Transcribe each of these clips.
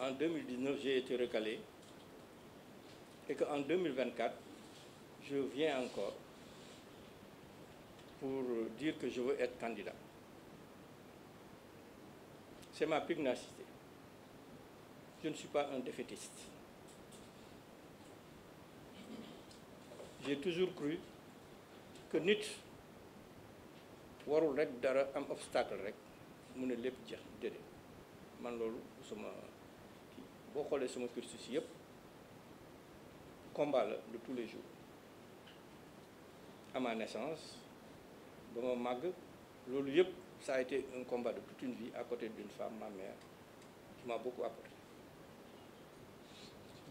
en 2019, j'ai été recalé et qu'en 2024, je viens encore pour dire que je veux être candidat. C'est ma pugnacité. Je ne suis pas un défaitiste. J'ai toujours cru que nit warul rek dara am obstacle rek mune ne de xoolee que je combat de tous les jours à ma naissance ça a été un combat de toute une vie à côté d'une femme ma mère qui m'a beaucoup apporté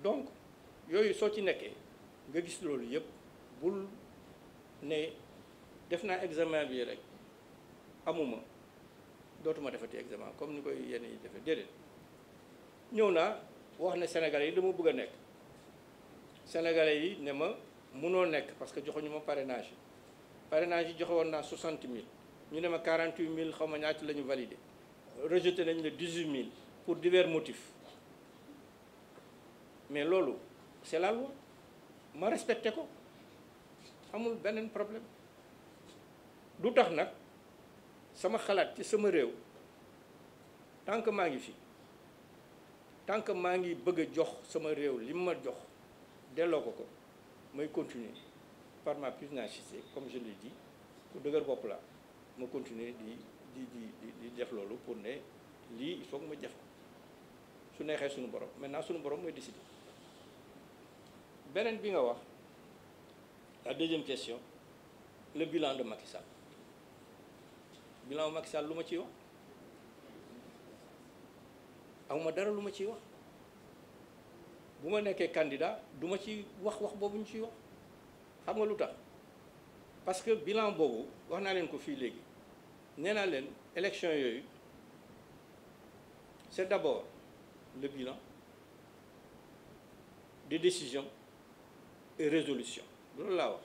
donc je suis ci nekkee je suis sorti ne examen examen comme ni koy fait. Les ne sénégalais yi dama bëgg de sénégalais ne ne pas munoo parce que ont ma parrainage Le parrainage est 60 000 Nous avons 48 000 qui ont rejeté 18 000 pour divers motifs mais lolo, c'est la loi respecte. respecté y amul un problème du que nag sama tant que magnifique tant que maa ngi bëgg jox sama réew li ma jox delloo ko ko may continuer par ma pugnacité comme je l'ai dit ku dëgër bop la ma continuer di di di di def lolu pour né li il faut que ma def ko su neexee suñu borom maintenant suñu borom moy décider beneen bi nga wax la deuxième question le bilan de Macky Sall bilan Macky Sall luma ci wax amuma dara luma ma ciy wax buma ma candidat du ci wax wax bobu ñu ciy wax xam nga lutax parce que bilan bobu wax na len ko fi légui nee len élection yoyu c'est d'abord le bilan des décisions et résolutions loolu la wax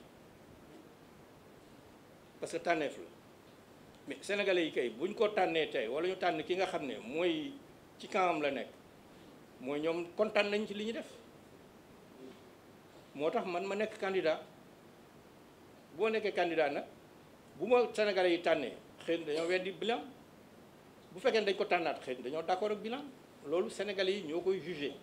parce que tànneef la mais sénégalais yi kay buñ ko tànnee tay wala ñu tan ki nga xamné moy ci suis la nek vous ñom contane nañ ci li ñu def motax man ma candidat si vous candidat nak Sénégalais yi avez un bilan bu dañ ko d'accord ak bilan Sénégalais yi